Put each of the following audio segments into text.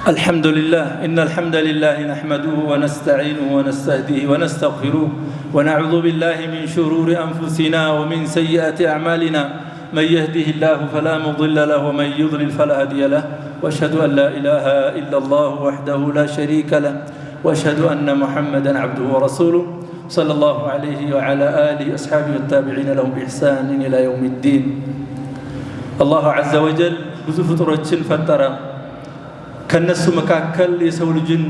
الحمد لله إن الحمد لله نحمده ونستعينه ونستهديه ونستغفره ونعوذ بالله من شرور أنفسنا ومن سيئات أعمالنا من يهده الله فلا مضل له ومن يضلل فلا هادي له واشهد أن لا إله إلا الله وحده لا شريك له واشهد أن محمدا عبده ورسوله صلى الله عليه وعلى آله أصحابه والتابعين لهم بإحسان إلى يوم الدين الله عز وجل بزفت رجل ፈጠረ ከነሱ መካከል የሰው ልጅን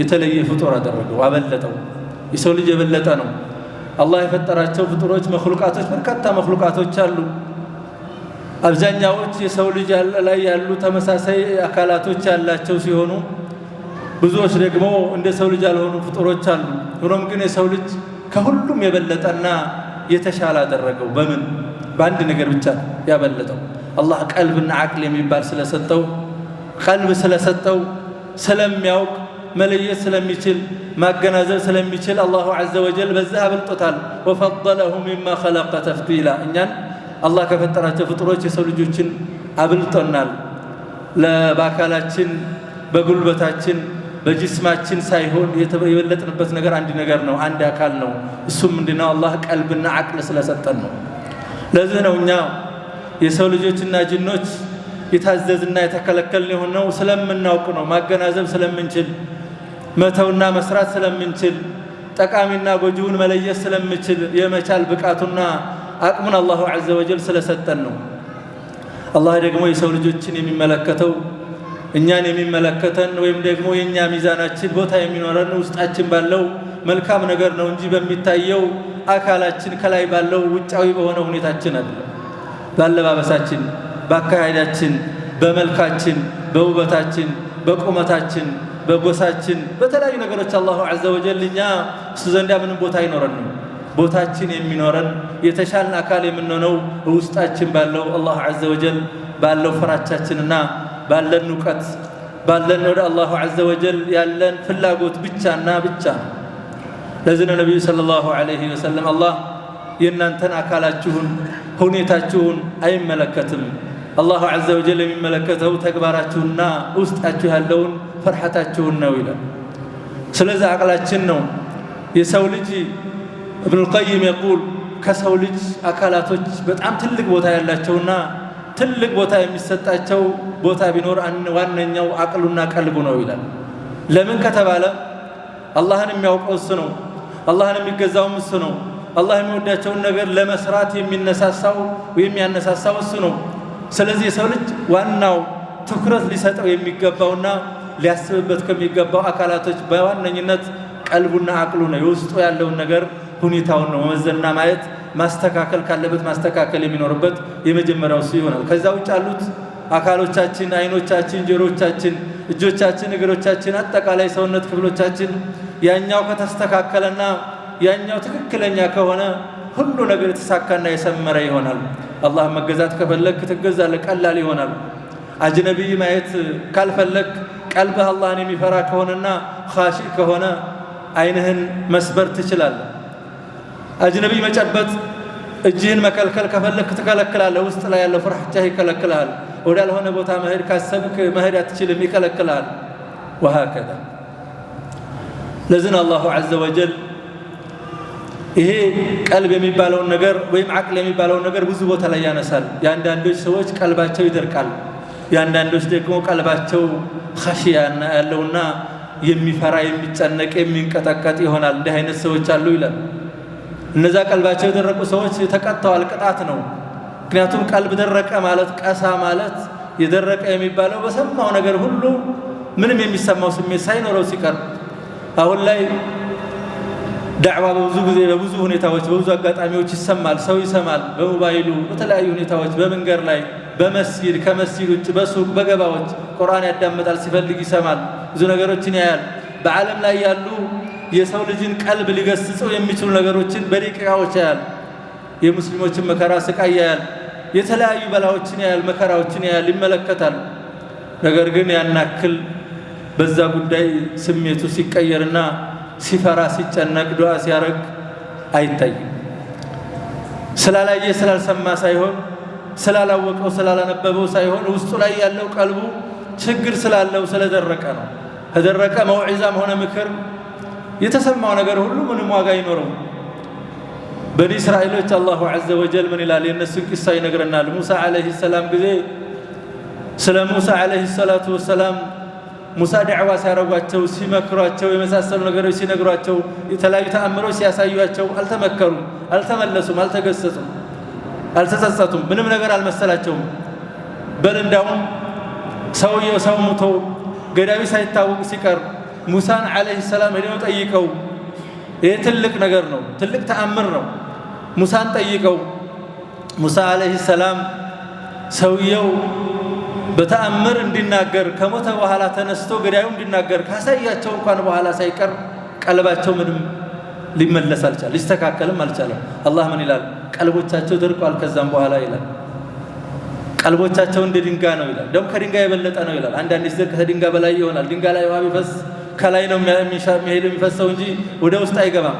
የተለየ ፍጡር አደረገው፣ አበለጠው። የሰው ልጅ የበለጠ ነው። አላህ የፈጠራቸው ፍጡሮች መክሉቃቶች፣ በርካታ መክሉቃቶች አሉ። አብዛኛዎች የሰው ልጅ ላይ ያሉ ተመሳሳይ አካላቶች ያላቸው ሲሆኑ ብዙዎች ደግሞ እንደ ሰው ልጅ ያልሆኑ ፍጡሮች አሉ። ሆኖም ግን የሰው ልጅ ከሁሉም የበለጠና የተሻለ አደረገው። በምን? በአንድ ነገር ብቻ ያበለጠው አላህ ቀልብና አቅል የሚባል ስለሰጠው ቀልብ ስለሰጠው ስለሚያውቅ መለየት ስለሚችል ማገናዘብ ስለሚችል አላሁ ዐዘ ወጀል በዛ አብልጦታል። ወፈለሁ ሚማ ኸለቀ ተፍዲላ እኛን አላህ ከፈጠራቸው ፍጡሮች የሰው ልጆችን አብልጦናል። በአካላችን፣ በጉልበታችን፣ በጅስማችን ሳይሆን የበለጥንበት ነገር አንድ ነገር ነው፣ አንድ አካል ነው። እሱም ምንድነው? አላህ ቀልብና አቅል ስለሰጠን ነው። ለዚህ ነው እኛ የሰው ልጆችና ጅኖች የታዘዝና የተከለከልን የሆነው ስለምናውቅ ነው። ማገናዘብ ስለምንችል፣ መተውና መስራት ስለምንችል፣ ጠቃሚና ጎጂውን መለየት ስለምችል የመቻል ብቃቱና አቅሙን አላሁ ዐዘ ወጀል ስለሰጠን ነው። አላህ ደግሞ የሰው ልጆችን የሚመለከተው እኛን የሚመለከተን ወይም ደግሞ የእኛ ሚዛናችን ቦታ የሚኖረን ውስጣችን ባለው መልካም ነገር ነው እንጂ በሚታየው አካላችን ከላይ ባለው ውጫዊ በሆነ ሁኔታችን አለ ባለባበሳችን በአካሄዳችን፣ በመልካችን፣ በውበታችን፣ በቁመታችን፣ በጎሳችን፣ በተለያዩ ነገሮች አላሁ ዐዘ ወጀል እኛ እሱ ዘንዳ ምንም ቦታ አይኖረንም። ቦታችን የሚኖረን የተሻልን አካል የምንሆነው ውስጣችን ባለው አላሁ ዐዘ ወጀል ባለው ፍራቻችንና ባለን እውቀት ባለን ወደ አላሁ ዐዘ ወጀል ያለን ፍላጎት ብቻና ብቻ ነው። ለዚህ ነው ነቢዩ ሰለላሁ ዐለይሂ ወሰለም አላህ የእናንተን አካላችሁን ሁኔታችሁን አይመለከትም አላሁ ዐዘ ወጀል የሚመለከተው ተግባራችሁና ውስጣችሁ ያለውን ፈርሐታችሁን ነው ይላል። ስለዚህ አቅላችን ነው የሰው ልጅ እብኑል ቀይም የቁል ከሰው ልጅ አካላቶች በጣም ትልቅ ቦታ ያላቸውና ትልቅ ቦታ የሚሰጣቸው ቦታ ቢኖር ዋነኛው አቅሉና ቀልቡ ነው ይላል። ለምን ከተባለ አላህን የሚያውቀው እሱ ነው። አላህን የሚገዛውም እሱ ነው። አላህ የሚወዳቸውን ነገር ለመስራት የሚነሳሳው ወይም ያነሳሳው እሱ ነው። ስለዚህ የሰው ልጅ ዋናው ትኩረት ሊሰጠው የሚገባውና ሊያስብበት ከሚገባው አካላቶች በዋነኝነት ቀልቡና አቅሉ ነው። የውስጡ ያለውን ነገር ሁኔታውን ነው መመዘንና ማየት። ማስተካከል ካለበት ማስተካከል የሚኖርበት የመጀመሪያው እሱ ይሆናል። ከዛ ውጭ ያሉት አካሎቻችን፣ አይኖቻችን፣ ጆሮቻችን፣ እጆቻችን፣ እግሮቻችን፣ አጠቃላይ ሰውነት ክፍሎቻችን ያኛው ከተስተካከለና ያኛው ትክክለኛ ከሆነ ሁሉ ነገር የተሳካና የሰመረ ይሆናል። አላህ መገዛት ከፈለክ ትገዛለህ፣ ቀላል ይሆናል። አጅነቢይ ማየት ካልፈለክ ቀልብህ አላህን የሚፈራ ከሆነና ኻሺ ከሆነ አይንህን መስበር ትችላለህ። አጅነቢይ መጨበጥ እጅህን መከልከል ከፈለክ ትከለክላለህ። ውስጥ ላይ ያለው ፍራቻ ይከለክልሃል። ወዳልሆነ ቦታ መሄድ ካሰብክ መሄድ አትችልም፣ ይከለክልሃል። ወሃከዛ ለዝን አላሁ ዐዘ ወጀል ይሄ ቀልብ የሚባለውን ነገር ወይም አቅል የሚባለውን ነገር ብዙ ቦታ ላይ ያነሳል። የአንዳንዶች ሰዎች ቀልባቸው ይደርቃል፣ የአንዳንዶች ደግሞ ቀልባቸው ኸሽያና ያለውና የሚፈራ የሚጨነቅ የሚንቀጠቀጥ ይሆናል። እንዲህ አይነት ሰዎች አሉ ይላል። እነዛ ቀልባቸው የደረቁ ሰዎች ተቀጥተዋል፣ ቅጣት ነው። ምክንያቱም ቀልብ ደረቀ ማለት ቀሳ ማለት የደረቀ የሚባለው በሰማው ነገር ሁሉ ምንም የሚሰማው ስሜት ሳይኖረው ሲቀር አሁን ላይ ዳዕዋ በብዙ ጊዜ በብዙ ሁኔታዎች በብዙ አጋጣሚዎች ይሰማል። ሰው ይሰማል። በሞባይሉ በተለያዩ ሁኔታዎች፣ በመንገድ ላይ፣ በመስጊድ ከመስጊድ ውጭ፣ በሱቅ በገባዎች ቁርአን ያዳምጣል። ሲፈልግ ይሰማል። ብዙ ነገሮችን ያያል። በዓለም ላይ ያሉ የሰው ልጅን ቀልብ ሊገስጸው የሚችሉ ነገሮችን በደቂቃዎች ያያል። የሙስሊሞችን መከራ ስቃይ ያያል። የተለያዩ በላዎችን ያያል፣ መከራዎችን ያያል፣ ይመለከታል። ነገር ግን ያናክል በዛ ጉዳይ ስሜቱ ሲቀየርና ሲፈራ ሲጨነቅ ዱዓ ሲያረግ አይታይም። ስላላየ ስላልሰማ ሳይሆን ስላላወቀው ስላላነበበው ሳይሆን ውስጡ ላይ ያለው ቀልቡ ችግር ስላለው ስለደረቀ ነው። ከደረቀ መውዒዛም ሆነ ምክር የተሰማው ነገር ሁሉ ምንም ዋጋ አይኖረው። በኒ እስራኤሎች አላሁ ዐዘ ወጀል ምን ይላል? የእነሱን ቂሳ ይነግረናል። ሙሳ ዓለይሂ ሰላም ጊዜ ስለ ሙሳ ዓለይሂ ሰላቱ ወሰላም ሙሳ ዳዕዋ ሲያረጓቸው ሲመክሯቸው የመሳሰሉ ነገሮች ሲነግሯቸው የተለያዩ ተአምሮች ሲያሳዩቸው አልተመከሩም፣ አልተመለሱም፣ አልተገሰጹም፣ አልተጸጸቱም። ምንም ነገር አልመሰላቸውም። በል እንዳውም ሰውየው ሰው ሙቶ ገዳቢ ሳይታወቅ ሲቀር ሙሳን ዓለይሂ ሰላም ሄደው ጠይቀው፣ ይህ ትልቅ ነገር ነው፣ ትልቅ ተአምር ነው። ሙሳን ጠይቀው ሙሳ ዓለይሂ ሰላም ሰውየው በተአምር እንዲናገር ከሞተ በኋላ ተነስቶ ገዳዩ እንዲናገር ካሳያቸው እንኳን በኋላ ሳይቀር ቀልባቸው ምንም ሊመለስ አልቻለ፣ ሊስተካከልም አልቻለም። አላህ ምን ይላል? ቀልቦቻቸው ደርቋል ከዛም በኋላ ይላል። ቀልቦቻቸው እንደ ድንጋይ ነው ይላል። ደግሞ ከድንጋይ የበለጠ ነው ይላል። አንዳንድ ጊዜ ከድንጋይ በላይ ይሆናል። ድንጋይ ላይ ውሃ ቢፈስ ከላይ ነው የሚሄድ የሚፈሰው እንጂ ወደ ውስጥ አይገባም።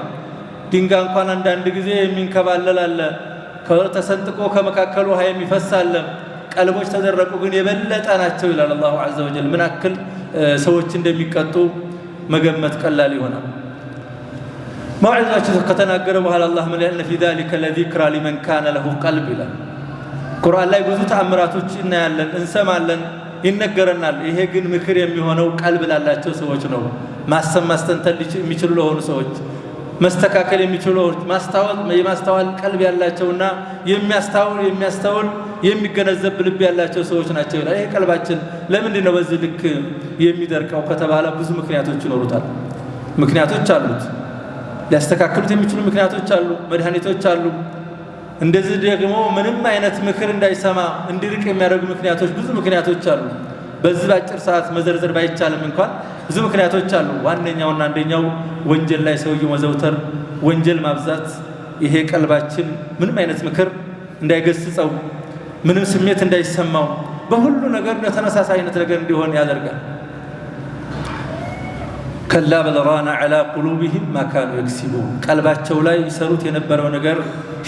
ድንጋይ እንኳን አንዳንድ ጊዜ የሚንከባለል አለ፣ ተሰንጥቆ ከመካከሉ ውሃ የሚፈስ አለ። ቀልቦች ተደረቁ ግን የበለጠ ናቸው ይላል አላሁ ዐዘ ወጀል። ምን አክል ሰዎች እንደሚቀጡ መገመት ቀላል ይሆናል። መውዒዛቸው ከተናገረ በኋላ አላህ ምን ያለ ፊ ዛሊከ ለዚክራ ሊመን ካነ ለሁ ቀልብ ይላል። ቁርአን ላይ ብዙ ተአምራቶች እናያለን፣ እንሰማለን፣ ይነገረናል። ይሄ ግን ምክር የሚሆነው ቀልብ ላላቸው ሰዎች ነው፣ ማሰብ ማስተንተን የሚችሉ ለሆኑ ሰዎች መስተካከል የሚችሉ ማስታወል የማስተዋል ቀልብ ያላቸውና የሚያስታውል የሚያስተውል የሚገነዘብ ልብ ያላቸው ሰዎች ናቸው ይላል። ይሄ ቀልባችን ለምንድን ነው በዚህ ልክ የሚደርቀው ከተባለ ብዙ ምክንያቶች ይኖሩታል። ምክንያቶች አሉት። ሊያስተካክሉት የሚችሉ ምክንያቶች አሉ፣ መድኃኒቶች አሉ። እንደዚህ ደግሞ ምንም አይነት ምክር እንዳይሰማ እንዲርቅ የሚያደርጉ ምክንያቶች ብዙ ምክንያቶች አሉ። በዚህ በአጭር ሰዓት መዘርዘር ባይቻልም እንኳን ብዙ ምክንያቶች አሉ። ዋነኛውና አንደኛው ወንጀል ላይ ሰውየው መዘውተር፣ ወንጀል ማብዛት፣ ይሄ ቀልባችን ምንም አይነት ምክር እንዳይገስጸው፣ ምንም ስሜት እንዳይሰማው፣ በሁሉ ነገር ለተነሳሳይነት አይነት ነገር እንዲሆን ያደርጋል። ከላ በለራና ዓላ ቁሉብህም ማካኑ የክሲቡ ቀልባቸው ላይ ይሰሩት የነበረው ነገር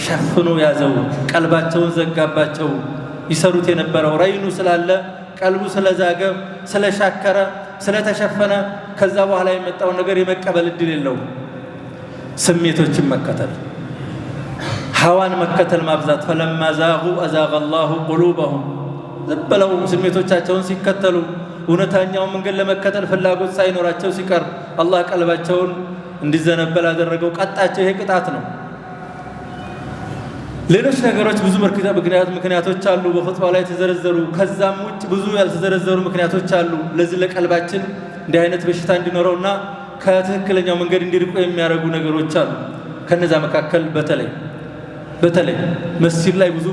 ሸፍኖ ያዘው፣ ቀልባቸውን ዘጋባቸው። ይሰሩት የነበረው ረይኑ ስላለ ቀልቡ ስለዛገ፣ ስለሻከረ፣ ስለተሸፈነ ከዛ በኋላ የመጣውን ነገር የመቀበል እድል የለው። ስሜቶችን መከተል ሐዋን መከተል ማብዛት። ፈለማ ዛሁ አዛቀ ላሁ ቁሉበሁም ዝም ብለው ስሜቶቻቸውን ሲከተሉ እውነተኛው መንገድ ለመከተል ፍላጎት ሳይኖራቸው ሲቀር አላህ ቀልባቸውን እንዲዘነበል አደረገው። ቀጣቸው። ይሄ ቅጣት ነው። ሌሎች ነገሮች ብዙ በርካታ ምክንያቶች አሉ፣ በኹጥባው ላይ የተዘረዘሩ። ከዛም ውጭ ብዙ ያልተዘረዘሩ ምክንያቶች አሉ። ለዚህ ለቀልባችን እንዲህ አይነት በሽታ እንዲኖረውና ከትክክለኛው መንገድ እንዲርቁ የሚያደርጉ ነገሮች አሉ። ከነዛ መካከል በተለይ በተለይ መስጂድ ላይ ብዙ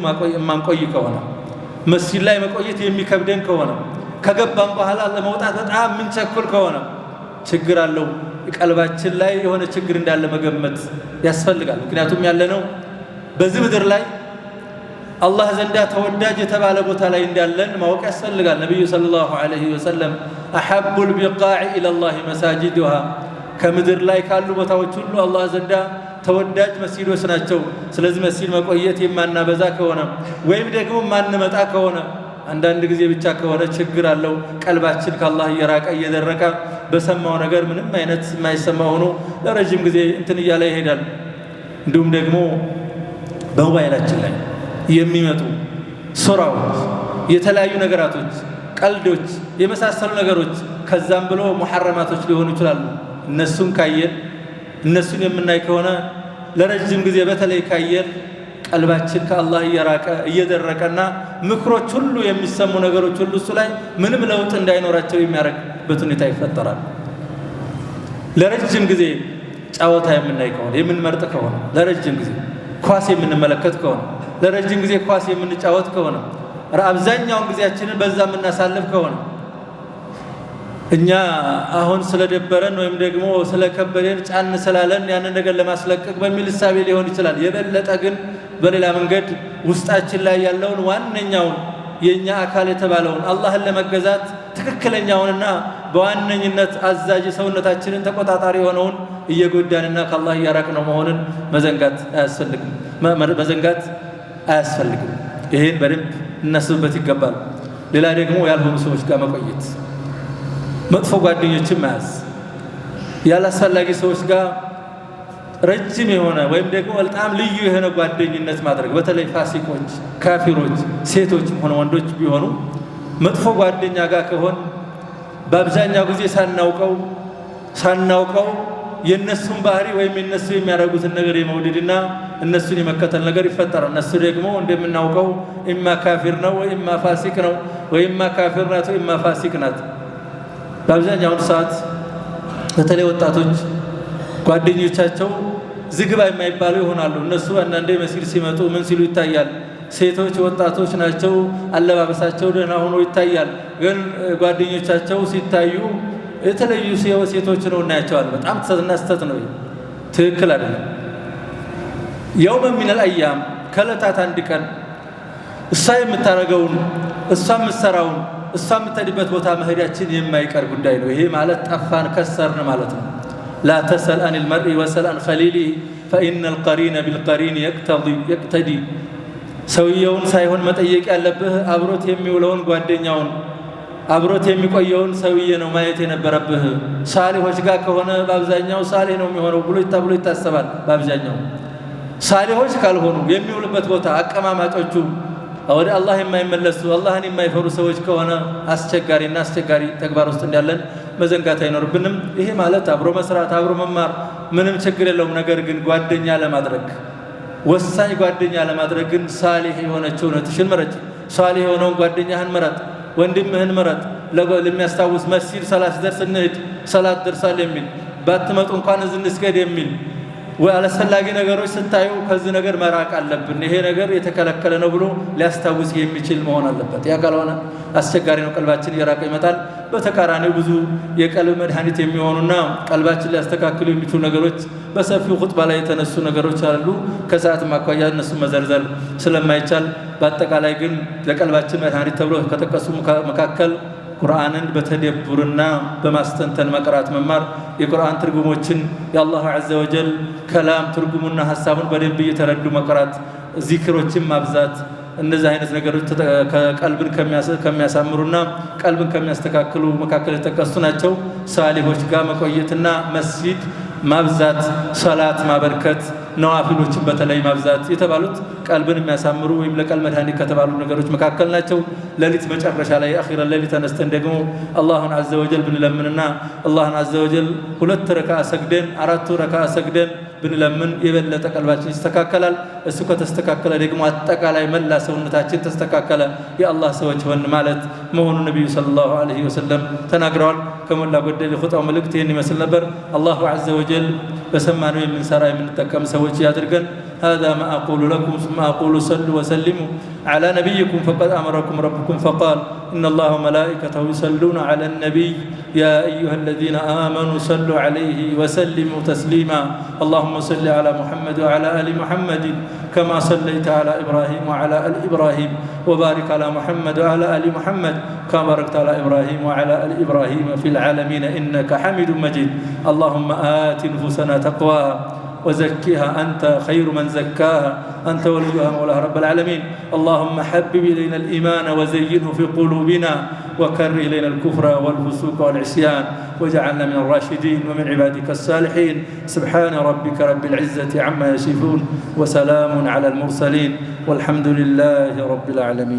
ማንቆይ ከሆነ መስጂድ ላይ መቆየት የሚከብደን ከሆነ ከገባም በኋላ ለመውጣት በጣም የምንቸኩል ከሆነ ችግር አለው። ቀልባችን ላይ የሆነ ችግር እንዳለ መገመት ያስፈልጋል። ምክንያቱም ያለነው በዚህ ምድር ላይ አላህ ዘንዳ ተወዳጅ የተባለ ቦታ ላይ እንዳለን ማወቅ ያስፈልጋል። ነቢዩ ሰለላሁ ዐለይሂ ወሰለም አሐቡል ቢቃዕ ኢለላሂ መሳጅድሃ ከምድር ላይ ካሉ ቦታዎች ሁሉ አላህ ዘንዳ ተወዳጅ መስጂዶች ናቸው። ስለዚህ መስጂድ መቆየት የማናበዛ ከሆነ ወይም ደግሞ ማንመጣ ከሆነ አንዳንድ ጊዜ ብቻ ከሆነ ችግር አለው። ቀልባችን ከአላህ እየራቀ እየደረቀ በሰማው ነገር ምንም አይነት የማይሰማ ሆኖ ለረዥም ጊዜ እንትን እያለ ይሄዳል። እንዲሁም ደግሞ በሞባይላችን ላይ የሚመጡ ሱራዎች፣ የተለያዩ ነገራቶች፣ ቀልዶች፣ የመሳሰሉ ነገሮች ከዛም ብሎ ሙሐረማቶች ሊሆኑ ይችላሉ። እነሱን ካየን እነሱን የምናይ ከሆነ ለረጅም ጊዜ በተለይ ካየን ቀልባችን ከአላህ እየራቀ እየደረቀና ምክሮች ሁሉ የሚሰሙ ነገሮች ሁሉ እሱ ላይ ምንም ለውጥ እንዳይኖራቸው የሚያደርግበት ሁኔታ ይፈጠራል። ለረጅም ጊዜ ጨዋታ የምናይ ከሆነ የምንመርጥ ከሆነ ለረጅም ጊዜ ኳስ የምንመለከት ከሆነ ለረጅም ጊዜ ኳስ የምንጫወት ከሆነ አብዛኛውን ጊዜያችንን በዛ የምናሳልፍ ከሆነ እኛ አሁን ስለደበረን ወይም ደግሞ ስለከበደን ጫን ስላለን ያንን ነገር ለማስለቀቅ በሚል እሳቤ ሊሆን ይችላል። የበለጠ ግን በሌላ መንገድ ውስጣችን ላይ ያለውን ዋነኛውን የእኛ አካል የተባለውን አላህን ለመገዛት ትክክለኛውንና በዋነኝነት አዛዥ ሰውነታችንን ተቆጣጣሪ የሆነውን እየጎዳንና ከአላህ እያራቅነው መሆንን መዘንጋት አያስፈልግም መዘንጋት አያስፈልግም። ይህን በደንብ እናስብበት ይገባል። ሌላ ደግሞ ያልሆኑ ሰዎች ጋር መቆየት፣ መጥፎ ጓደኞችን መያዝ፣ ያላስፈላጊ ሰዎች ጋር ረጅም የሆነ ወይም ደግሞ በጣም ልዩ የሆነ ጓደኝነት ማድረግ በተለይ ፋሲቆች፣ ካፊሮች፣ ሴቶችም ሆነ ወንዶች ቢሆኑ መጥፎ ጓደኛ ጋር ከሆን በአብዛኛው ጊዜ ሳናውቀው ሳናውቀው የእነሱን ባህሪ ወይም የእነሱ የሚያደርጉትን ነገር የመውደድና እነሱን የመከተል ነገር ይፈጠራል። እነሱ ደግሞ እንደምናውቀው ኢማ ካፊር ነው ወኢማ ፋሲቅ ነው ወኢማ ካፊር ናት ወኢማ ፋሲቅ ናት። በአብዛኛውን ሰዓት በተለይ ወጣቶች ጓደኞቻቸው ዝግባ የማይባሉ ይሆናሉ። እነሱ አንዳንዴ መስጊድ ሲመጡ ምን ሲሉ ይታያል? ሴቶች ወጣቶች ናቸው፣ አለባበሳቸው ደህና ሆኖ ይታያል። ግን ጓደኞቻቸው ሲታዩ የተለዩ ሴቶች ነው እናያቸዋል። በጣም ስተትና ስተት ነው፣ ትክክል አይደለም። የውመ ሚነል አያም ከእለታት አንድ ቀን እሷ የምታደርገውን እሷ የምትሰራውን እሷ የምትሄድበት ቦታ መሄዳችን የማይቀር ጉዳይ ነው። ይሄ ማለት ጠፋን ከሰርን ማለት ነው። ላ ተሰል አን ልመርኢ ወሰል አን ከሊሊ ፈኢነ ልቀሪነ ቢልቀሪን የቅተዲ ሰውየውን ሳይሆን መጠየቅ ያለብህ አብሮት የሚውለውን ጓደኛውን አብሮት የሚቆየውን ሰውዬ ነው ማየት የነበረብህ። ሳሊሆች ጋር ከሆነ በአብዛኛው ሳሌ ነው የሚሆነው ብሎ ተብሎ ይታሰባል። በአብዛኛው ሳሌሆች ካልሆኑ የሚውልበት ቦታ አቀማማጮቹ ወደ አላህ የማይመለሱ አላህን የማይፈሩ ሰዎች ከሆነ አስቸጋሪና አስቸጋሪ ተግባር ውስጥ እንዳለን መዘንጋት አይኖርብንም። ይሄ ማለት አብሮ መስራት፣ አብሮ መማር ምንም ችግር የለውም። ነገር ግን ጓደኛ ለማድረግ ወሳኝ ጓደኛ ለማድረግ ግን ሳሌህ የሆነችው እውነትሽን ምረጭ። ሳሌህ የሆነውን ጓደኛህን ምረጥ። ወንድምህን ምረጥ፣ ለሚያስታውስ መሲድ ሰላት ደርስ እንሂድ፣ ሰላት ደርሳል የሚል ባትመጡ እንኳን እዝ እንስገድ የሚል አላስፈላጊ ነገሮች ስታዩ ከዚህ ነገር መራቅ አለብን፣ ይሄ ነገር የተከለከለ ነው ብሎ ሊያስታውስ የሚችል መሆን አለበት። ያ ካልሆነ አስቸጋሪ ነው፣ ቀልባችን እየራቀ ይመጣል። በተቃራኒው ብዙ የቀልብ መድኃኒት የሚሆኑና ቀልባችን ሊያስተካክሉ የሚችሉ ነገሮች በሰፊው ሁጥባ ላይ የተነሱ ነገሮች አሉ። ከሰዓት ማኳያ እነሱ መዘርዘር ስለማይቻል፣ በአጠቃላይ ግን ለቀልባችን መድኃኒት ተብሎ ከጠቀሱ መካከል ቁርአንን በተደቡርና በማስተንተን መቅራት መማር፣ የቁርአን ትርጉሞችን የአላህ ዐዘ ወጀል ከላም ትርጉሙና ሀሳቡን በደንብ እየተረዱ መቅራት፣ ዚክሮችን ማብዛት እነዚህ አይነት ነገሮች ቀልብን ከሚያሳምሩና ቀልብን ከሚያስተካክሉ መካከል የተጠቀሱ ናቸው። ሳሊሆች ጋር መቆየትና መስጂድ ማብዛት፣ ሰላት ማበርከት፣ ነዋፊሎችን በተለይ ማብዛት የተባሉት ቀልብን የሚያሳምሩ ወይም ለቀልብ መድኃኒት ከተባሉ ነገሮች መካከል ናቸው። ሌሊት መጨረሻ ላይ አኺረ ሌሊት ተነስተን ደግሞ አላሁን አዘወጀል ብንለምንና አላህን አዘወጀል ሁለት ረካ ሰግደን አራቱ ረካ ሰግደን ብንለምን የበለጠ ቀልባችን ይስተካከላል። እሱ ከተስተካከለ ደግሞ አጠቃላይ መላ ሰውነታችን ተስተካከለ፣ የአላህ ሰዎች ሆን ማለት መሆኑ ነቢዩ ሰለላሁ ዐለይሂ ወሰለም ተናግረዋል። ከሞላ ጎደል የኹጣው መልእክት ይህን ይመስል ነበር። አላሁ ዐዘ ወጀል በሰማነው የምንሰራ የምንጠቀም ሰዎች ያድርገን። هذا ما أقول لكم ثم أقول صلوا وسلموا على نبيكم فقد أمركم ربكم فقال إن الله ملائكته يصلون على النبي يا أيها الذين آمنوا صلوا عليه وسلموا تسليما اللهم صل على محمد وعلى آل محمد كما صليت على إبراهيم وعلى آل إبراهيم وبارك على محمد وعلى آل محمد كما باركت على إبراهيم وعلى آل إبراهيم في العالمين إنك حميد مجيد اللهم آت نفوسنا تقواها وزكها أنت خير من زكاها أنت وليها مولاها رب العالمين اللهم حبب إلينا الإيمان وزينه في قلوبنا وكر إلينا الكفر والفسوق والعصيان واجعلنا من الراشدين ومن عبادك الصالحين سبحان ربك رب العزة عما يصفون وسلام على المرسلين والحمد لله رب العالمين